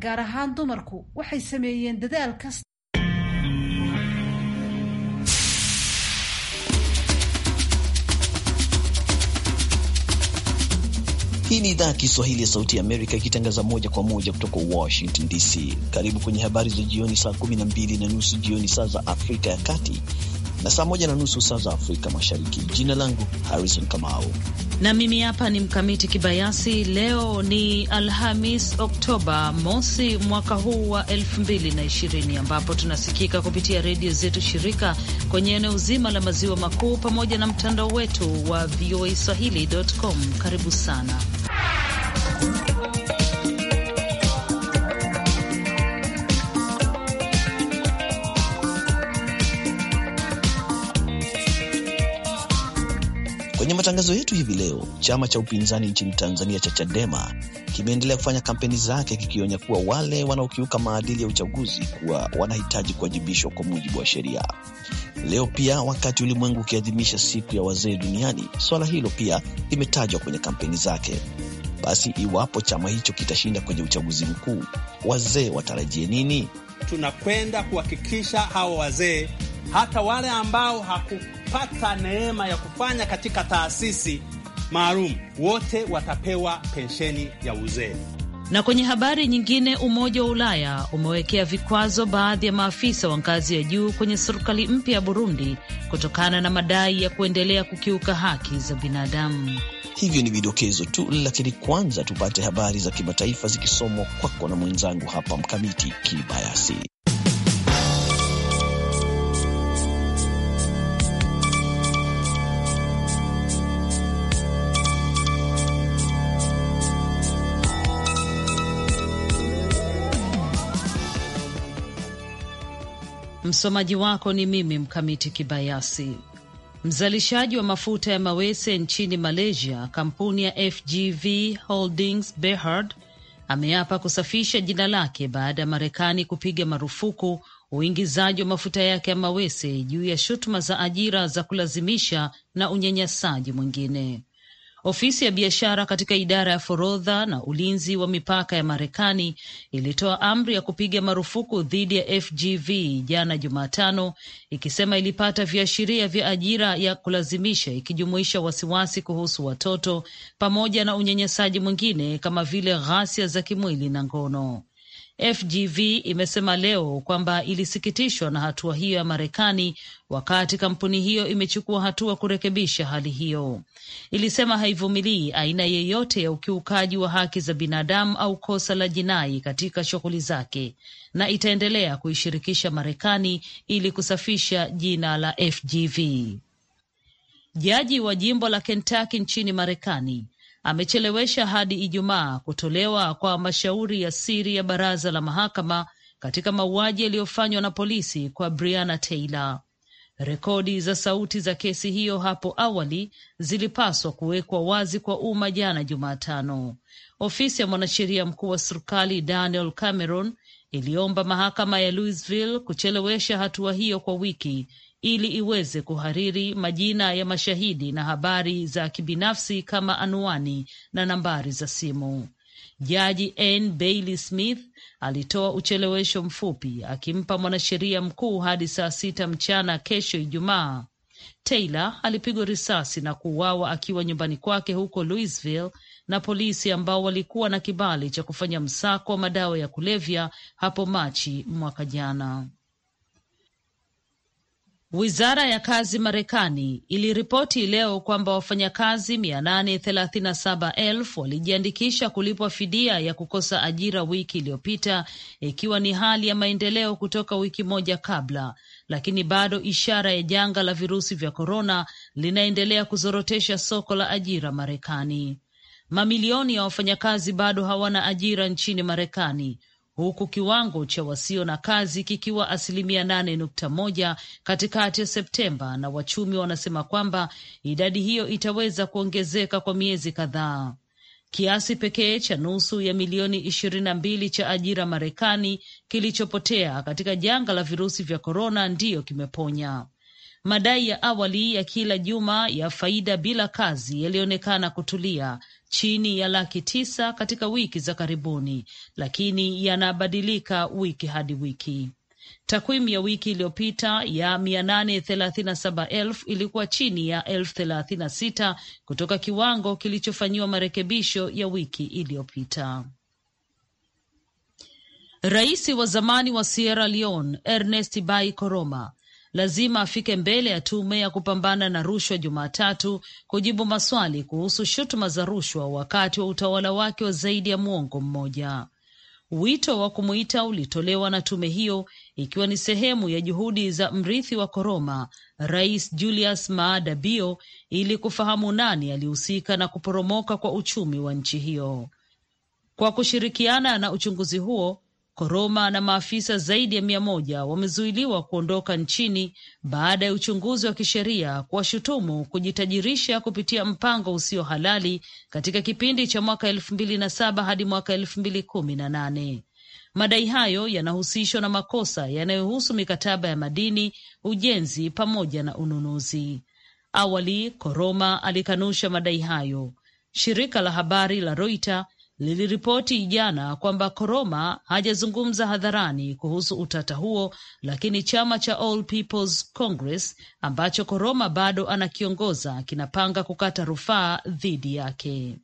gaar ahaan dumarku waxay sameeyeen dadaal kasta. Hii ni idhaa ya Kiswahili ya Sauti ya Amerika ikitangaza moja kwa moja kutoka Washington DC. Karibu kwenye habari za jioni, saa 12 na nusu jioni saa za Afrika ya Kati na saa moja na nusu saa za Afrika Mashariki. Jina langu Harrison Kamau na mimi hapa ni Mkamiti Kibayasi. Leo ni Alhamis, Oktoba mosi mwaka huu wa 2020 ambapo tunasikika kupitia redio zetu shirika kwenye eneo zima la maziwa makuu pamoja na mtandao wetu wa swahili.com. Karibu sana Kwenye matangazo yetu hivi leo, chama cha upinzani nchini Tanzania cha Chadema kimeendelea kufanya kampeni zake kikionya kuwa wale wanaokiuka maadili ya uchaguzi kuwa wanahitaji kuwajibishwa kwa mujibu wa sheria. Leo pia, wakati ulimwengu ukiadhimisha siku ya wazee duniani, suala hilo pia limetajwa kwenye kampeni zake. Basi iwapo chama hicho kitashinda kwenye uchaguzi mkuu, wazee watarajie nini? Tunakwenda kuhakikisha hawa wazee hata wale ambao hakupata neema ya kufanya katika taasisi maalum, wote watapewa pensheni ya uzee. Na kwenye habari nyingine, Umoja wa Ulaya umewekea vikwazo baadhi ya maafisa wa ngazi ya juu kwenye serikali mpya ya Burundi kutokana na madai ya kuendelea kukiuka haki za binadamu. Hivyo ni vidokezo tu, lakini kwanza tupate habari za kimataifa zikisomwa kwako na mwenzangu hapa Mkamiti Kibayasi. Msomaji wako ni mimi Mkamiti Kibayasi. Mzalishaji wa mafuta ya mawese nchini Malaysia, kampuni ya FGV Holdings Berhad ameapa kusafisha jina lake baada ya Marekani kupiga marufuku uingizaji wa mafuta yake ya mawese juu ya shutuma za ajira za kulazimisha na unyanyasaji mwingine. Ofisi ya biashara katika idara ya forodha na ulinzi wa mipaka ya Marekani ilitoa amri ya kupiga marufuku dhidi ya FGV jana Jumatano, ikisema ilipata viashiria vya ajira ya kulazimisha ikijumuisha wasiwasi kuhusu watoto pamoja na unyanyasaji mwingine kama vile ghasia za kimwili na ngono. FGV imesema leo kwamba ilisikitishwa na hatua hiyo ya Marekani, wakati kampuni hiyo imechukua hatua kurekebisha hali hiyo. Ilisema haivumilii aina yeyote ya ukiukaji wa haki za binadamu au kosa la jinai katika shughuli zake na itaendelea kuishirikisha Marekani ili kusafisha jina la FGV. Jaji wa jimbo la Kentucky nchini Marekani amechelewesha hadi Ijumaa kutolewa kwa mashauri ya siri ya baraza la mahakama katika mauaji yaliyofanywa na polisi kwa briana Taylor. Rekodi za sauti za kesi hiyo hapo awali zilipaswa kuwekwa wazi kwa umma jana Jumatano. Ofisi ya mwanasheria mkuu wa serikali Daniel Cameron iliomba mahakama ya Louisville kuchelewesha hatua hiyo kwa wiki ili iweze kuhariri majina ya mashahidi na habari za kibinafsi kama anwani na nambari za simu. Jaji N Bailey Smith alitoa uchelewesho mfupi akimpa mwanasheria mkuu hadi saa sita mchana kesho Ijumaa. Taylor alipigwa risasi na kuuawa akiwa nyumbani kwake huko Louisville na polisi ambao walikuwa na kibali cha kufanya msako wa madawa ya kulevya hapo Machi mwaka jana. Wizara ya kazi Marekani iliripoti leo kwamba wafanyakazi 837,000 walijiandikisha kulipwa fidia ya kukosa ajira wiki iliyopita, ikiwa ni hali ya maendeleo kutoka wiki moja kabla, lakini bado ishara ya janga la virusi vya korona linaendelea kuzorotesha soko la ajira Marekani. Mamilioni ya wafanyakazi bado hawana ajira nchini Marekani huku kiwango cha wasio na kazi kikiwa asilimia nane nukta moja katikati ya Septemba, na wachumi wanasema kwamba idadi hiyo itaweza kuongezeka kwa miezi kadhaa. Kiasi pekee cha nusu ya milioni ishirini na mbili cha ajira Marekani kilichopotea katika janga la virusi vya korona ndiyo kimeponya. Madai ya awali ya kila juma ya faida bila kazi yalionekana kutulia chini ya laki tisa katika wiki za karibuni, lakini yanabadilika wiki hadi wiki. Takwimu ya wiki iliyopita ya 837,000 ilikuwa chini ya 36,000 kutoka kiwango kilichofanyiwa marekebisho ya wiki iliyopita. Rais wa zamani wa Sierra Leone Ernest Bai Koroma lazima afike mbele ya tume ya kupambana na rushwa Jumatatu kujibu maswali kuhusu shutuma za rushwa wakati wa utawala wake wa zaidi ya mwongo mmoja. Wito wa kumwita ulitolewa na tume hiyo ikiwa ni sehemu ya juhudi za mrithi wa Koroma, Rais Julius Maada Bio, ili kufahamu nani alihusika na kuporomoka kwa uchumi wa nchi hiyo. Kwa kushirikiana na uchunguzi huo, Koroma na maafisa zaidi ya mia moja wamezuiliwa kuondoka nchini baada ya uchunguzi wa kisheria kuwashutumu kujitajirisha kupitia mpango usio halali katika kipindi cha mwaka elfu mbili na saba hadi mwaka elfu mbili kumi na nane. Madai hayo yanahusishwa na makosa yanayohusu mikataba ya madini, ujenzi pamoja na ununuzi. Awali Koroma alikanusha madai hayo. Shirika la habari la Reuters liliripoti jana kwamba Koroma hajazungumza hadharani kuhusu utata huo, lakini chama cha All People's Congress ambacho Koroma bado anakiongoza kinapanga kukata rufaa dhidi yake.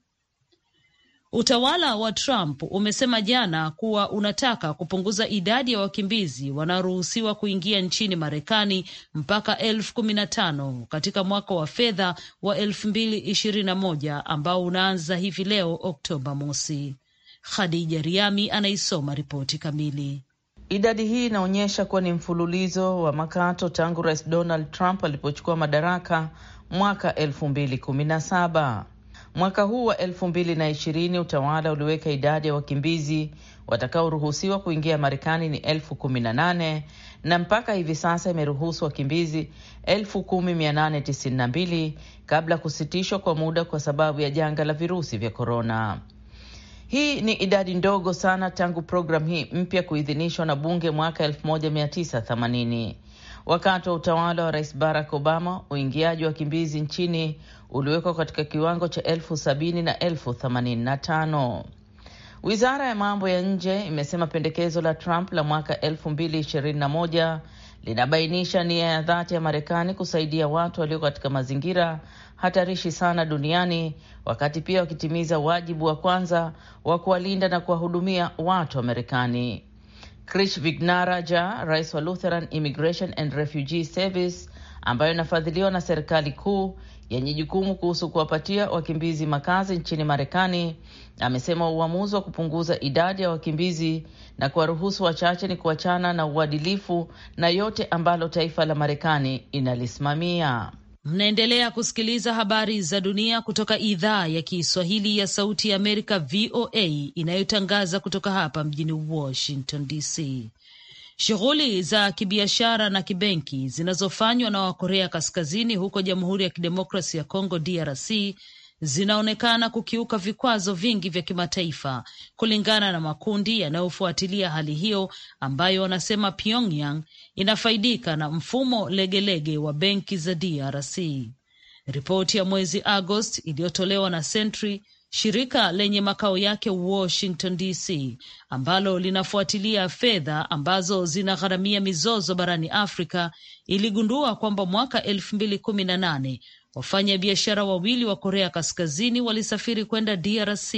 Utawala wa Trump umesema jana kuwa unataka kupunguza idadi ya wakimbizi wanaoruhusiwa kuingia nchini Marekani mpaka elfu kumi na tano katika mwaka wa fedha wa elfu mbili ishirini na moja ambao unaanza hivi leo Oktoba mosi. Khadija Riami anaisoma ripoti kamili. Idadi hii inaonyesha kuwa ni mfululizo wa makato tangu Rais Donald Trump alipochukua madaraka mwaka elfu mbili kumi na saba. Mwaka huu wa elfu mbili na ishirini utawala uliweka idadi ya wakimbizi watakaoruhusiwa kuingia Marekani ni elfu kumi na nane na mpaka hivi sasa imeruhusu wakimbizi elfu kumi mia nane tisini na mbili kabla kusitishwa kwa muda kwa sababu ya janga la virusi vya korona. Hii ni idadi ndogo sana tangu programu hii mpya kuidhinishwa na bunge mwaka 1980 wakati wa utawala wa Rais Barack Obama. Uingiaji wa wakimbizi nchini uliwekwa katika kiwango cha elfu sabini na elfu themanini na tano. Wizara ya mambo ya nje imesema pendekezo la Trump la mwaka 2021 linabainisha nia ya dhati ya Marekani kusaidia watu walio katika mazingira hatarishi sana duniani, wakati pia wakitimiza wajibu wa kwanza wa kuwalinda na kuwahudumia watu wa Marekani. Krish Vignaraja, rais wa Lutheran Immigration and Refugee Service ambayo inafadhiliwa na serikali kuu, yenye jukumu kuhusu kuwapatia wakimbizi makazi nchini Marekani amesema uamuzi wa kupunguza idadi ya wakimbizi na kuwaruhusu wachache ni kuachana na uadilifu na yote ambalo taifa la Marekani inalisimamia. Mnaendelea kusikiliza habari za dunia kutoka idhaa ya Kiswahili ya Sauti ya Amerika, VOA, inayotangaza kutoka hapa mjini Washington DC. Shughuli za kibiashara na kibenki zinazofanywa na Wakorea Kaskazini huko Jamhuri ya Kidemokrasi ya Kongo DRC zinaonekana kukiuka vikwazo vingi vya kimataifa, kulingana na makundi yanayofuatilia hali hiyo ambayo wanasema Pyongyang inafaidika na mfumo legelege wa benki za DRC. Ripoti ya mwezi Agosti iliyotolewa na Sentry shirika lenye makao yake Washington DC ambalo linafuatilia fedha ambazo zinagharamia mizozo barani Afrika iligundua kwamba mwaka elfu mbili kumi na nane wafanyabiashara wawili wa Korea Kaskazini walisafiri kwenda DRC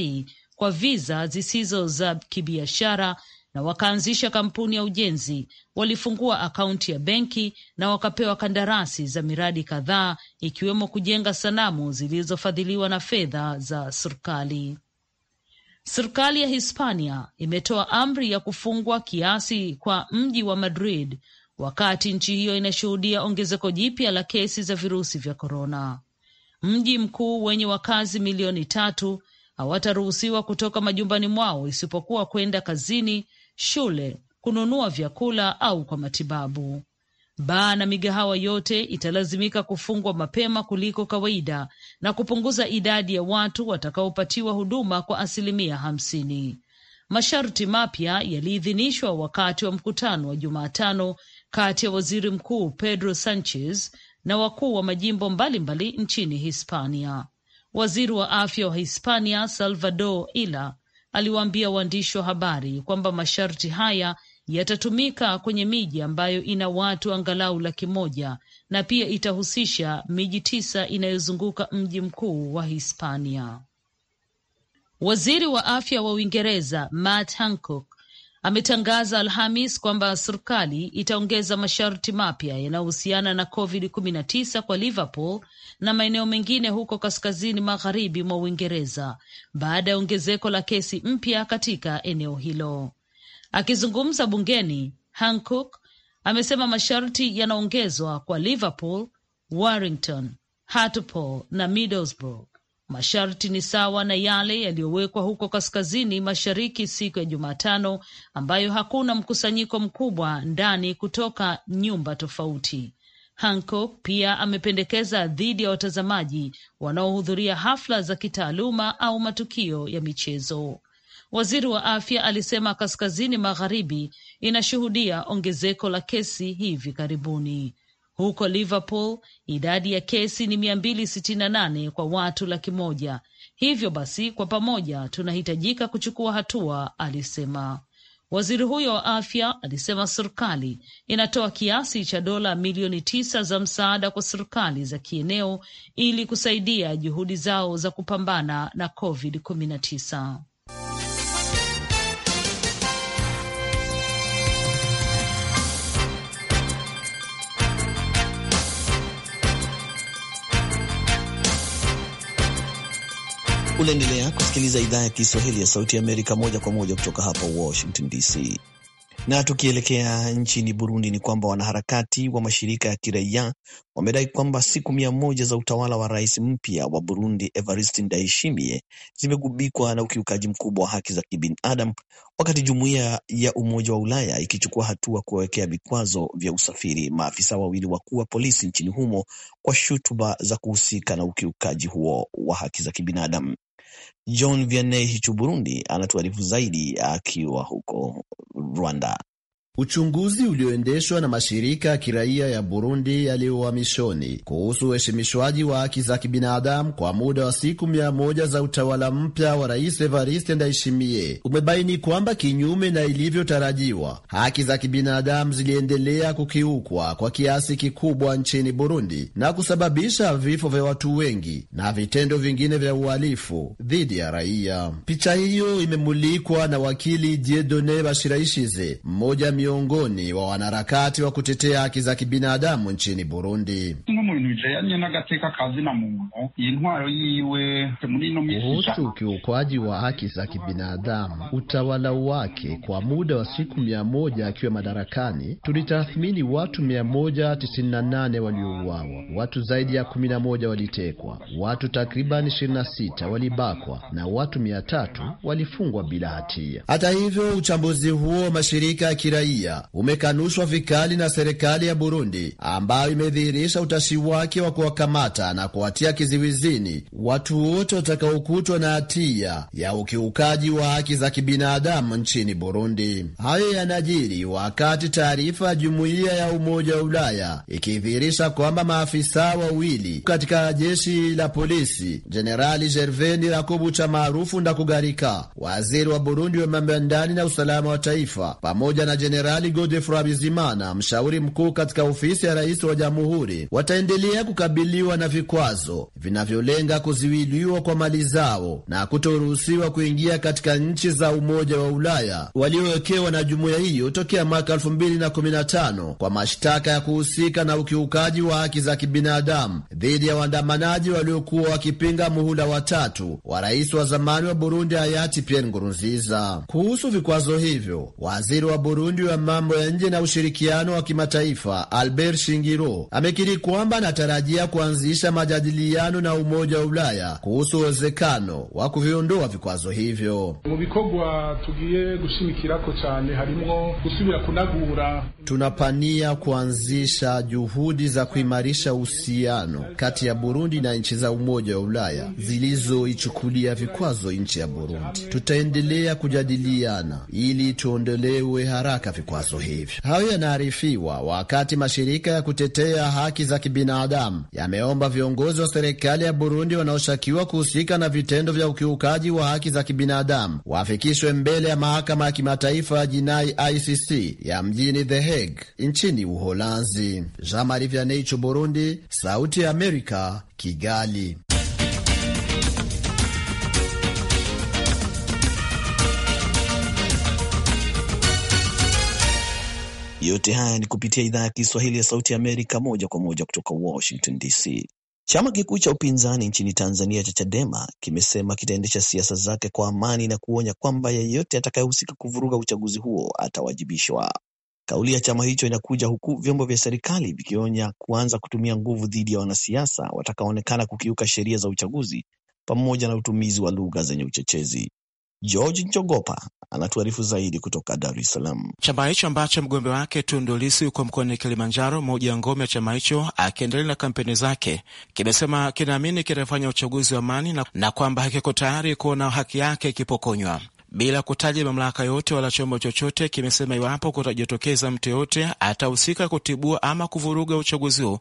kwa viza zisizo za kibiashara na wakaanzisha kampuni ya ujenzi, walifungua akaunti ya benki na wakapewa kandarasi za miradi kadhaa, ikiwemo kujenga sanamu zilizofadhiliwa na fedha za serikali. Serikali ya Hispania imetoa amri ya kufungwa kiasi kwa mji wa Madrid wakati nchi hiyo inashuhudia ongezeko jipya la kesi za virusi vya korona. Mji mkuu wenye wakazi milioni tatu hawataruhusiwa kutoka majumbani mwao isipokuwa kwenda kazini, shule, kununua vyakula au kwa matibabu. Baa na migahawa yote italazimika kufungwa mapema kuliko kawaida na kupunguza idadi ya watu watakaopatiwa huduma kwa asilimia hamsini. Masharti mapya yaliidhinishwa wakati wa mkutano wa Jumatano kati ya waziri mkuu Pedro Sanchez na wakuu wa majimbo mbalimbali mbali nchini Hispania. Waziri wa afya wa Hispania Salvador Illa aliwaambia waandishi wa habari kwamba masharti haya yatatumika kwenye miji ambayo ina watu angalau laki moja na pia itahusisha miji tisa inayozunguka mji mkuu wa Hispania. Waziri wa afya wa Uingereza Matt Hancock ametangaza Alhamis kwamba serikali itaongeza masharti mapya yanayohusiana na COVID-19 kwa Liverpool na maeneo mengine huko kaskazini magharibi mwa Uingereza baada ya ongezeko la kesi mpya katika eneo hilo. Akizungumza bungeni, Hancock amesema masharti yanaongezwa kwa Liverpool, Warrington, Hartlepool na Middlesbrough Masharti ni sawa na yale yaliyowekwa huko kaskazini mashariki siku ya Jumatano, ambayo hakuna mkusanyiko mkubwa ndani kutoka nyumba tofauti. Hancock pia amependekeza dhidi ya watazamaji wanaohudhuria hafla za kitaaluma au matukio ya michezo. Waziri wa afya alisema kaskazini magharibi inashuhudia ongezeko la kesi hivi karibuni. Huko Liverpool idadi ya kesi ni mia mbili sitini na nane kwa watu laki moja. Hivyo basi kwa pamoja tunahitajika kuchukua hatua, alisema. Waziri huyo wa afya alisema serikali inatoa kiasi cha dola milioni tisa za msaada kwa serikali za kieneo ili kusaidia juhudi zao za kupambana na COVID-19. Unaendelea kusikiliza idhaa ya Kiswahili ya Sauti ya Amerika moja kwa moja kutoka hapa Washington DC. Na tukielekea nchini Burundi ni kwamba wanaharakati wa mashirika ya kiraia wamedai kwamba siku mia moja za utawala wa rais mpya wa Burundi Evariste Ndayishimiye zimegubikwa na ukiukaji mkubwa wa haki za kibinadamu, wakati jumuiya ya Umoja wa Ulaya ikichukua hatua kuwawekea vikwazo vya usafiri maafisa wawili wakuu wa polisi nchini humo kwa shutuma za kuhusika na ukiukaji huo wa haki za kibinadamu. John Vianney Hichu Burundi anatuarifu zaidi akiwa huko Rwanda. Uchunguzi ulioendeshwa na mashirika ya kiraia ya Burundi yaliyohamishoni kuhusu uheshimishwaji wa haki za kibinadamu kwa muda wa siku mia moja za utawala mpya wa Rais Evariste Ndayishimiye umebaini kwamba kinyume na ilivyotarajiwa, haki za kibinadamu ziliendelea kukiukwa kwa kiasi kikubwa nchini Burundi na kusababisha vifo vya watu wengi na vitendo vingine vya uhalifu dhidi ya raia. Picha hiyo imemulikwa na wakili Dieudonne Bashiraishize mmoja miongoni wa wanaharakati wa kutetea haki za kibinadamu nchini Burundi. Kuhusu ukiukwaji wa haki za kibinadamu, utawala wake kwa muda wa siku mia moja akiwa madarakani, tulitathmini watu mia moja tisini na nane waliouawa, watu zaidi ya kumi na moja walitekwa, watu takriban ishirini na sita walibakwa na watu mia tatu walifungwa bila hatia. Hata hivyo uchambuzi huo mashirika ya kiraia raia umekanushwa vikali na serikali ya Burundi ambayo imedhihirisha utashi wake wa kuwakamata na kuwatia kiziwizini watu wote watakaokutwa na hatia ya ukiukaji wa haki za kibinadamu nchini Burundi. Hayo yanajiri wakati taarifa ya jumuiya ya Umoja wa Ulaya ikidhihirisha kwamba maafisa wawili katika jeshi la polisi, Jenerali Gerveni Rakubucha maarufu Ndakugarika, waziri wa Burundi wa mambo ya ndani na usalama wa taifa, pamoja na jenerali Jenerali Godefroy Bizimana, mshauri mkuu katika ofisi ya rais wa jamhuri, wataendelea kukabiliwa na vikwazo vinavyolenga kuziwiliwa kwa mali zao na kutoruhusiwa kuingia katika nchi za Umoja wa Ulaya waliowekewa na jumuiya hiyo tokea mwaka 2015 kwa mashtaka ya kuhusika na ukiukaji wa haki za kibinadamu dhidi ya waandamanaji waliokuwa wakipinga muhula watatu wa rais wa zamani wa Burundi hayati Pierre Nkurunziza. Kuhusu vikwazo hivyo, waziri wa Burundi wa mambo ya nje na ushirikiano wa kimataifa Albert Shingiro amekiri kwamba anatarajia kuanzisha majadiliano na Umoja wa Ulaya kuhusu uwezekano wa kuviondoa vikwazo hivyo. Tunapania kuanzisha juhudi za kuimarisha uhusiano kati ya Burundi na nchi za Umoja wa Ulaya zilizoichukulia vikwazo nchi ya Burundi. Tutaendelea kujadiliana ili tuondolewe haraka vikwazo hivyo. Hayo yanaarifiwa wakati mashirika ya kutetea haki za kibinadamu yameomba viongozi wa serikali ya Burundi wanaoshukiwa kuhusika na vitendo vya ukiukaji wa haki za kibinadamu wafikishwe mbele ya mahakama ya kimataifa ya jinai ICC ya mjini The Hague nchini Uholanzi. Jean Marie Vianney, Burundi, Sauti ya Amerika, Kigali. Yote haya ni kupitia idhaa ya Kiswahili ya Sauti Amerika, moja kwa moja kutoka Washington DC. Chama kikuu cha upinzani nchini Tanzania cha Chadema kimesema kitaendesha siasa zake kwa amani na kuonya kwamba yeyote atakayehusika kuvuruga uchaguzi huo atawajibishwa. Kauli ya chama hicho inakuja huku vyombo vya serikali vikionya kuanza kutumia nguvu dhidi ya wanasiasa watakaoonekana kukiuka sheria za uchaguzi pamoja na utumizi wa lugha zenye uchochezi. George Njogopa anatuarifu zaidi kutoka Dar es Salaam. Chama hicho ambacho mgombe wake Tundu Lissu yuko mkoani Kilimanjaro, moja ya ngome ya chama hicho, akiendelea na kampeni zake, kimesema kinaamini kitafanya uchaguzi wa amani na, na kwamba hakiko tayari kuona haki yake ikipokonywa. Bila kutaja mamlaka yote wala chombo chochote, kimesema iwapo kutajitokeza mtu yoyote atahusika kutibua ama kuvuruga uchaguzi huo,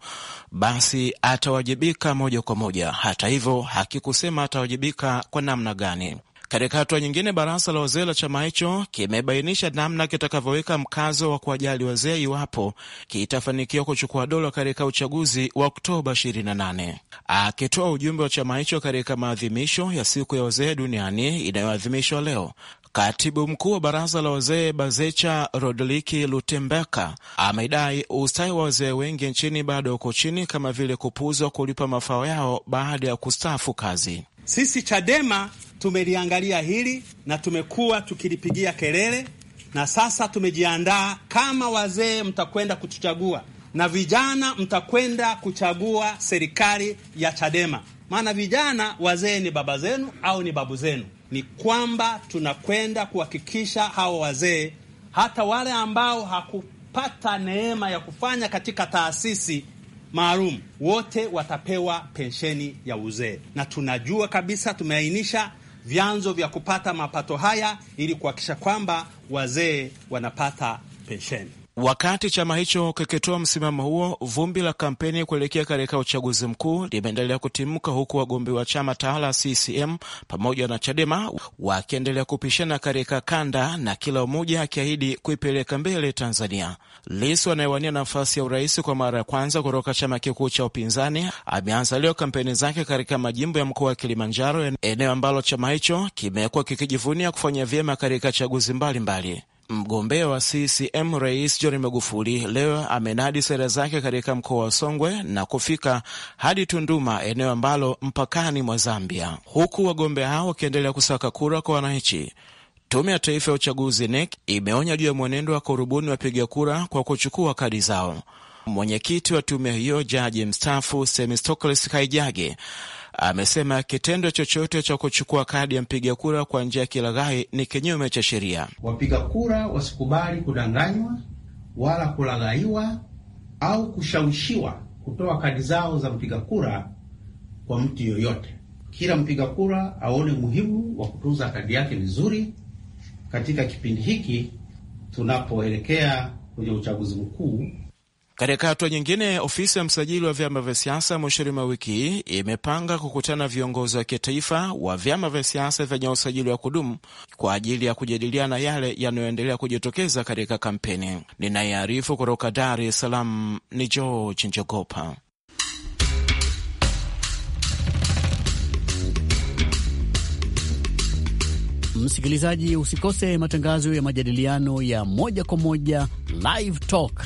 basi atawajibika moja kwa moja. Hata hivyo, hakikusema atawajibika kwa namna gani. Katika hatua nyingine, baraza la wazee la chama hicho kimebainisha namna kitakavyoweka mkazo wa kuwajali wazee iwapo kitafanikiwa kuchukua dola katika uchaguzi wa Oktoba 28. Akitoa ujumbe wa chama hicho katika maadhimisho ya siku ya wazee duniani inayoadhimishwa leo, Katibu mkuu wa baraza la wazee Bazecha rodriki Lutembeka amedai ustawi wa wazee wengi nchini bado uko chini, kama vile kupuuzwa kulipa mafao yao baada ya kustafu kazi. Sisi Chadema tumeliangalia hili na tumekuwa tukilipigia kelele, na sasa tumejiandaa. Kama wazee mtakwenda kutuchagua na vijana mtakwenda kuchagua serikali ya Chadema, maana vijana, wazee ni baba zenu au ni babu zenu. Ni kwamba tunakwenda kuhakikisha hawa wazee, hata wale ambao hakupata neema ya kufanya katika taasisi maalum wote watapewa pensheni ya uzee, na tunajua kabisa, tumeainisha vyanzo vya kupata mapato haya ili kuhakikisha kwamba wazee wanapata pensheni. Wakati chama hicho kikitoa msimamo huo, vumbi la kampeni kuelekea katika uchaguzi mkuu limeendelea kutimka, huku wagombea wa chama tawala CCM pamoja na Chadema wakiendelea kupishana katika kanda na kila mmoja akiahidi kuipeleka mbele Tanzania. lis anayewania nafasi ya urais kwa mara ya kwanza kutoka chama kikuu cha upinzani ameanza leo kampeni zake katika majimbo ya mkoa wa Kilimanjaro, eneo ambalo chama hicho kimekuwa kikijivunia kufanya vyema katika chaguzi mbalimbali mbali. Mgombea wa CCM Rais John Magufuli leo amenadi sera zake katika mkoa wa Songwe na kufika hadi Tunduma, eneo ambalo mpakani mwa Zambia, huku wagombea hao wakiendelea kusaka kura kwa wananchi. Tume ya Taifa ya Uchaguzi NEC imeonya juu ya mwenendo wa kurubuni wapiga kura kwa kuchukua kadi zao. Mwenyekiti wa tume hiyo, jaji mstaafu Semistocles Kaijage amesema kitendo chochote cha kuchukua kadi ya mpiga kura kwa njia ya kilaghai ni kinyume cha sheria. Wapiga kura wasikubali kudanganywa wala kulaghaiwa au kushawishiwa kutoa kadi zao za mpiga kura kwa mtu yoyote. Kila mpiga kura aone umuhimu wa kutunza kadi yake vizuri katika kipindi hiki tunapoelekea kwenye uchaguzi mkuu katika hatua nyingine, ofisi ya msajili wa vyama vya siasa mwishoni mwa wiki hii imepanga kukutana viongozi wa kitaifa wa vyama vya siasa vyenye usajili wa kudumu kwa ajili ya kujadiliana yale yanayoendelea kujitokeza katika kampeni. Ninayearifu kutoka Dar es Salaam ni George Njogopa. Msikilizaji, usikose matangazo ya majadiliano ya moja kwa moja Live Talk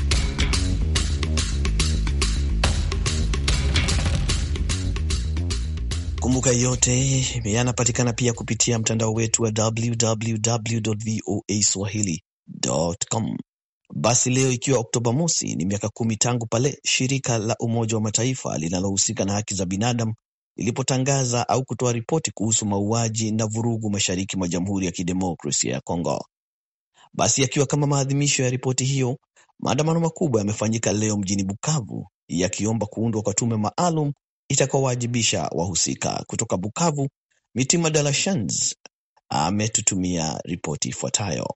Kumbuka yote yanapatikana pia kupitia mtandao wetu wa www.voaswahili.com. Basi leo ikiwa Oktoba mosi, ni miaka kumi tangu pale shirika la Umoja wa Mataifa linalohusika na haki za binadamu lilipotangaza au kutoa ripoti kuhusu mauaji na vurugu mashariki mwa Jamhuri ya Kidemokrasia ya Kongo. Basi yakiwa kama maadhimisho ya ripoti hiyo, maandamano makubwa yamefanyika leo mjini Bukavu yakiomba kuundwa kwa tume maalum itakaowajibisha wahusika. Kutoka Bukavu, Mitima Dalashans ametutumia ripoti ifuatayo.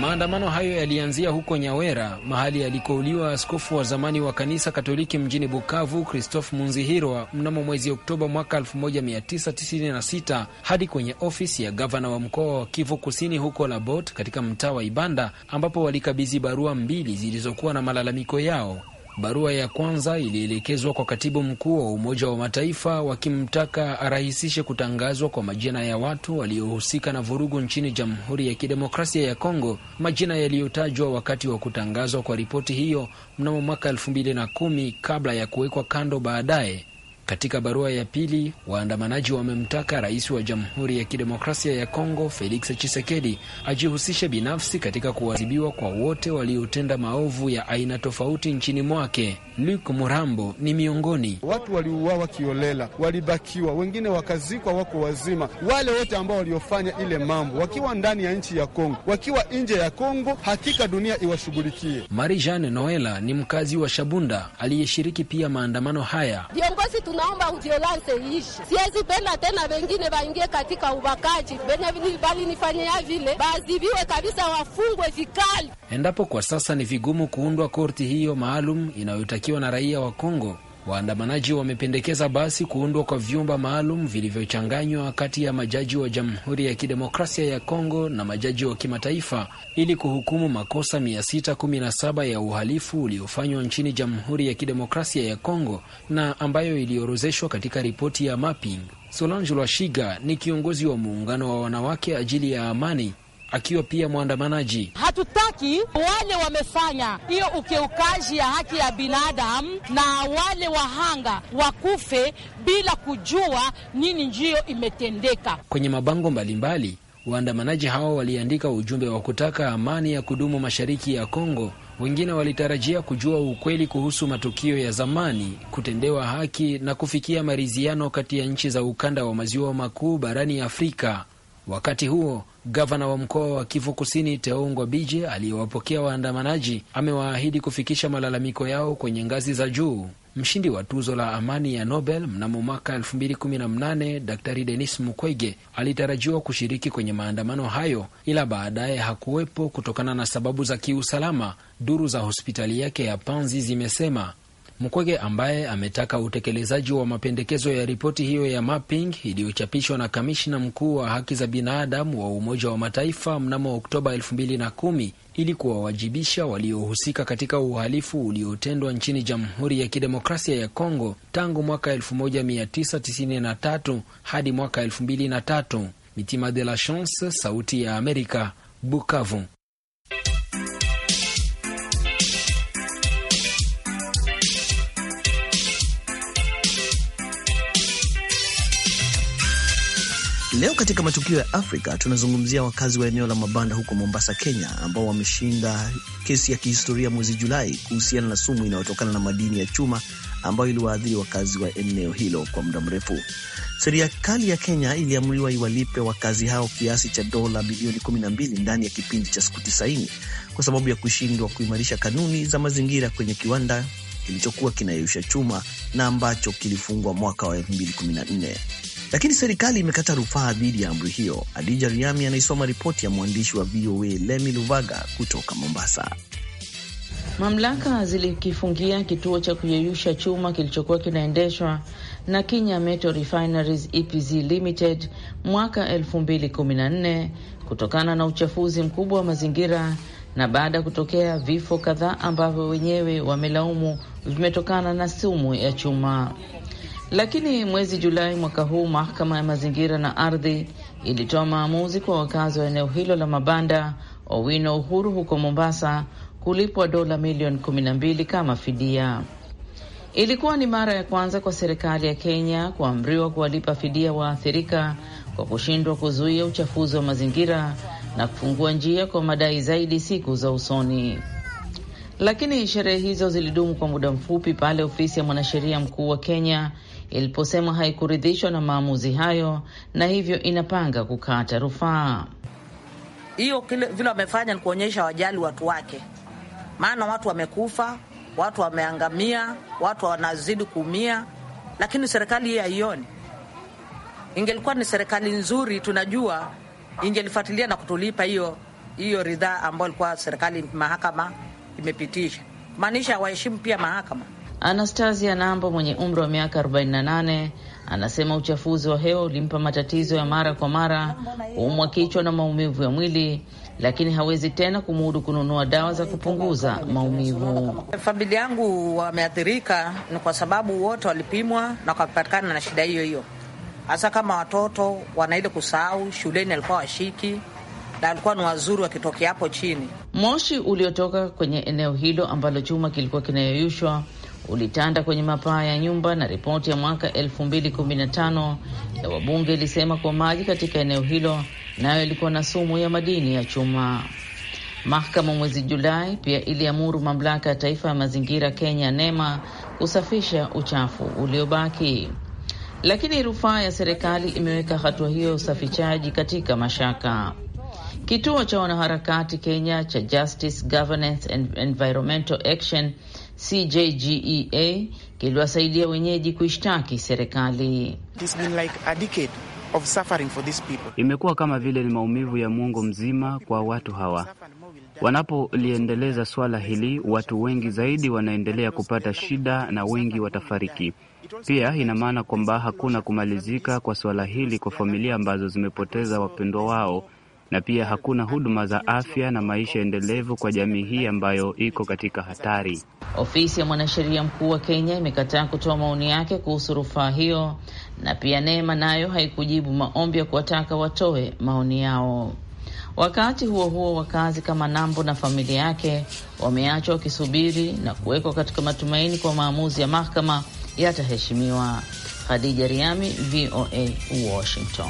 Maandamano hayo yalianzia huko Nyawera, mahali alikouliwa askofu wa zamani wa kanisa Katoliki mjini Bukavu, Christophe Munzihirwa mnamo mwezi Oktoba mwaka 1996 hadi kwenye ofisi ya gavana wa mkoa wa Kivu Kusini huko Labot katika mtaa wa Ibanda, ambapo walikabidhi barua mbili zilizokuwa na malalamiko yao. Barua ya kwanza ilielekezwa kwa katibu mkuu wa Umoja wa Mataifa wakimtaka arahisishe kutangazwa kwa majina ya watu waliohusika na vurugu nchini Jamhuri ya Kidemokrasia ya Kongo, majina yaliyotajwa wakati wa kutangazwa kwa ripoti hiyo mnamo mwaka elfu mbili na kumi kabla ya kuwekwa kando baadaye katika barua ya pili, waandamanaji wamemtaka rais wa Jamhuri ya Kidemokrasia ya Kongo Felix Tshisekedi ajihusishe binafsi katika kuadhibiwa kwa wote waliotenda maovu ya aina tofauti nchini mwake. luk Murambo ni miongoni. Watu waliuawa kiolela, walibakiwa, wengine wakazikwa, wako wazima. Wale wote ambao waliofanya ile mambo wakiwa ndani ya nchi ya Kongo, wakiwa nje ya Kongo, hakika dunia iwashughulikie. Marie Jeanne Noela ni mkazi wa Shabunda aliyeshiriki pia maandamano haya. Viongozi tunaomba violence iishi. Siwezi penda tena wengine waingie katika ubakaji, benye balinifanyia vile baadhibiwe kabisa, wafungwe vikali. Endapo kwa sasa ni vigumu kuundwa korti hiyo maalum inayotakiwa na raia wa Kongo Waandamanaji wamependekeza basi kuundwa kwa vyumba maalum vilivyochanganywa kati ya majaji wa Jamhuri ya Kidemokrasia ya Kongo na majaji wa kimataifa ili kuhukumu makosa 617 ya uhalifu uliofanywa nchini Jamhuri ya Kidemokrasia ya Kongo na ambayo iliorozeshwa katika ripoti ya mapping. Solange Lwashiga ni kiongozi wa muungano wa wanawake ajili ya amani akiwa pia mwandamanaji. Hatutaki wale wamefanya hiyo ukiukaji ya haki ya binadamu na wale wahanga wakufe bila kujua nini njio imetendeka. Kwenye mabango mbalimbali, waandamanaji hao waliandika ujumbe wa kutaka amani ya kudumu mashariki ya Kongo. Wengine walitarajia kujua ukweli kuhusu matukio ya zamani, kutendewa haki na kufikia maridhiano kati ya nchi za ukanda wa maziwa makuu barani Afrika. Wakati huo Gavana wa mkoa wa Kivu Kusini Teongwa Bije aliyewapokea waandamanaji amewaahidi kufikisha malalamiko yao kwenye ngazi za juu. Mshindi wa tuzo la amani ya Nobel mnamo mwaka 2018 Daktari Denis Mukwege alitarajiwa kushiriki kwenye maandamano hayo, ila baadaye hakuwepo kutokana na sababu za kiusalama, duru za hospitali yake ya Panzi zimesema. Mkwege ambaye ametaka utekelezaji wa mapendekezo ya ripoti hiyo ya mapping iliyochapishwa na kamishna mkuu wa haki za binadamu wa Umoja wa Mataifa mnamo Oktoba 2010 ili kuwawajibisha waliohusika katika uhalifu uliotendwa nchini Jamhuri ya Kidemokrasia ya Kongo tangu mwaka 1993 hadi mwaka 2003. Mitima de la Chance, Sauti ya Amerika, Bukavu. Leo katika matukio ya Afrika tunazungumzia wakazi wa eneo la mabanda huko Mombasa, Kenya, ambao wameshinda kesi ya kihistoria mwezi Julai kuhusiana na sumu inayotokana na madini ya chuma ambayo iliwaathiri wakazi wa eneo hilo kwa muda mrefu. Serikali ya Kenya iliamriwa iwalipe wakazi hao kiasi cha dola bilioni 12 ndani ya kipindi cha siku 90 kwa sababu ya kushindwa kuimarisha kanuni za mazingira kwenye kiwanda kilichokuwa kinayeyusha chuma na ambacho kilifungwa mwaka wa 2014 lakini serikali imekata rufaa dhidi ya amri hiyo. Adija Riami anaisoma ripoti ya mwandishi wa VOA Lemi Luvaga kutoka Mombasa. Mamlaka zilikifungia kituo cha kuyeyusha chuma kilichokuwa kinaendeshwa na Kenya Metal Refineries EPZ Limited mwaka 2014 kutokana na uchafuzi mkubwa wa mazingira na baada ya kutokea vifo kadhaa ambavyo wenyewe wamelaumu vimetokana na sumu ya chuma. Lakini mwezi Julai mwaka huu mahakama ya mazingira na ardhi ilitoa maamuzi kwa wakazi wa eneo hilo la mabanda Owino Uhuru huko Mombasa kulipwa dola milioni 12 kama fidia. Ilikuwa ni mara ya kwanza kwa serikali ya Kenya kuamriwa kuwalipa fidia waathirika kwa kushindwa kuzuia uchafuzi wa mazingira na kufungua njia kwa madai zaidi siku za usoni. Lakini sherehe hizo zilidumu kwa muda mfupi pale ofisi ya mwanasheria mkuu wa Kenya iliposema haikuridhishwa na maamuzi hayo na hivyo inapanga kukata rufaa hiyo. Kile vile wamefanya ni kuonyesha wajali watu wake, maana watu wamekufa, watu wameangamia, watu wanazidi kuumia, lakini serikali hii haioni. Ingelikuwa ni serikali nzuri, tunajua ingelifuatilia na kutulipa hiyo hiyo ridhaa ambayo ilikuwa serikali mahakama imepitisha, kumaanisha waheshimu pia mahakama. Anastasia Nambo mwenye umri wa miaka 48 anasema uchafuzi wa hewa ulimpa matatizo ya mara kwa mara, kuumwa kichwa na maumivu ya mwili, lakini hawezi tena kumudu kununua dawa za kupunguza maumivu. Familia yangu wameathirika, ni kwa sababu wote walipimwa na wakapatikana na shida hiyo hiyo, hasa kama watoto wanaile kusahau. Shuleni alikuwa washiki na alikuwa ni wazuri wakitokea hapo chini. Moshi uliotoka kwenye eneo hilo ambalo chuma kilikuwa kinayeyushwa ulitanda kwenye mapaa ya nyumba, na ripoti ya mwaka 2015 ya wabunge ilisema kuwa maji katika eneo hilo nayo ilikuwa na sumu ya madini ya chuma. Mahakama mwezi Julai pia iliamuru mamlaka ya taifa ya mazingira Kenya, NEMA, kusafisha uchafu uliobaki, lakini rufaa ya serikali imeweka hatua hiyo ya usafishaji katika mashaka. Kituo cha wanaharakati Kenya cha Justice Governance and Environmental Action CJGEA kiliwasaidia wenyeji kuishtaki serikali. Imekuwa kama vile ni maumivu ya mwongo mzima kwa watu hawa. Wanapoliendeleza swala hili, watu wengi zaidi wanaendelea kupata shida na wengi watafariki. Pia ina maana kwamba hakuna kumalizika kwa swala hili kwa familia ambazo zimepoteza wapendwa wao na pia hakuna huduma za afya na maisha endelevu kwa jamii hii ambayo iko katika hatari. Ofisi ya mwanasheria mkuu wa Kenya imekataa kutoa maoni yake kuhusu rufaa hiyo, na pia Neema nayo haikujibu maombi ya kuwataka watoe maoni yao. Wakati huo huo, wakazi kama Nambo na familia yake wameachwa wakisubiri na kuwekwa katika matumaini kwa maamuzi ya mahakama yataheshimiwa. Khadija Riami, VOA, Washington.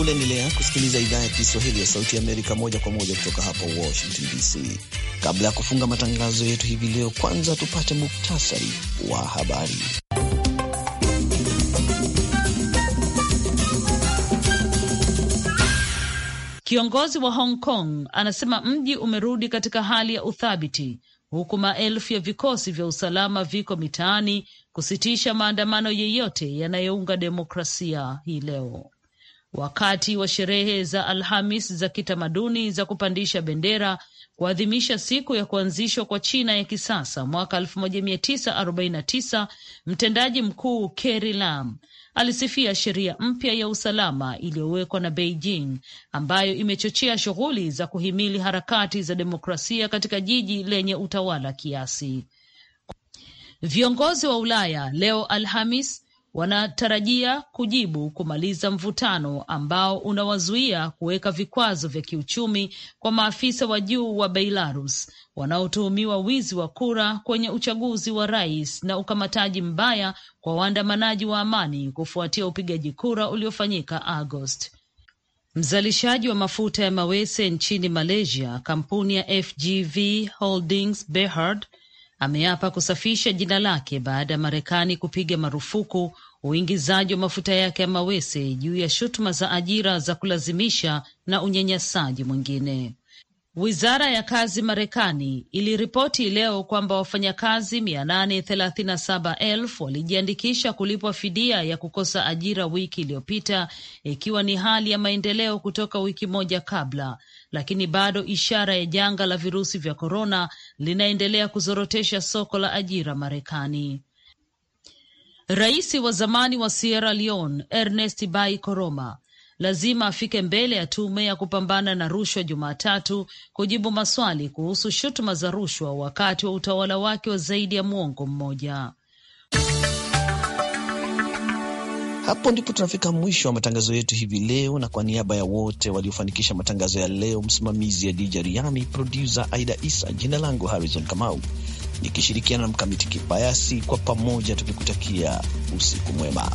Unaendelea kusikiliza idhaa ya Kiswahili ya Sauti ya Amerika moja kwa moja kutoka hapa Washington DC. Kabla ya kufunga matangazo yetu hivi leo, kwanza tupate muktasari wa habari. Kiongozi wa Hong Kong anasema mji umerudi katika hali ya uthabiti huku maelfu ya vikosi vya usalama viko mitaani kusitisha maandamano yeyote yanayounga demokrasia hii leo wakati wa sherehe za Alhamis za kitamaduni za kupandisha bendera kuadhimisha siku ya kuanzishwa kwa China ya kisasa mwaka 1949. Mtendaji mkuu Carrie Lam alisifia sheria mpya ya usalama iliyowekwa na Beijing ambayo imechochea shughuli za kuhimili harakati za demokrasia katika jiji lenye utawala kiasi. Viongozi wa Ulaya leo Alhamis wanatarajia kujibu kumaliza mvutano ambao unawazuia kuweka vikwazo vya kiuchumi kwa maafisa wa juu wa Belarus wanaotuhumiwa wizi wa kura kwenye uchaguzi wa rais na ukamataji mbaya kwa waandamanaji wa amani kufuatia upigaji kura uliofanyika Agosti. Mzalishaji wa mafuta ya mawese nchini Malaysia, kampuni ya FGV Holdings Berhad ameapa kusafisha jina lake baada ya Marekani kupiga marufuku uingizaji wa mafuta yake ya mawese juu ya shutuma za ajira za kulazimisha na unyanyasaji mwingine. Wizara ya kazi Marekani iliripoti leo kwamba wafanyakazi 837,000 walijiandikisha kulipwa fidia ya kukosa ajira wiki iliyopita, ikiwa ni hali ya maendeleo kutoka wiki moja kabla, lakini bado ishara ya janga la virusi vya korona linaendelea kuzorotesha soko la ajira Marekani. Rais wa zamani wa Sierra Leone Ernest Bai Koroma lazima afike mbele ya tume ya kupambana na rushwa Jumatatu kujibu maswali kuhusu shutuma za rushwa wakati wa utawala wake wa zaidi ya mwongo mmoja. Hapo ndipo tunafika mwisho wa matangazo yetu hivi leo, na kwa niaba ya wote waliofanikisha matangazo ya leo, msimamizi ya Dija Riami, produsa Aida Isa, jina langu Harrison Kamau nikishirikiana na Mkamiti Kibayasi, kwa pamoja tukikutakia usiku mwema.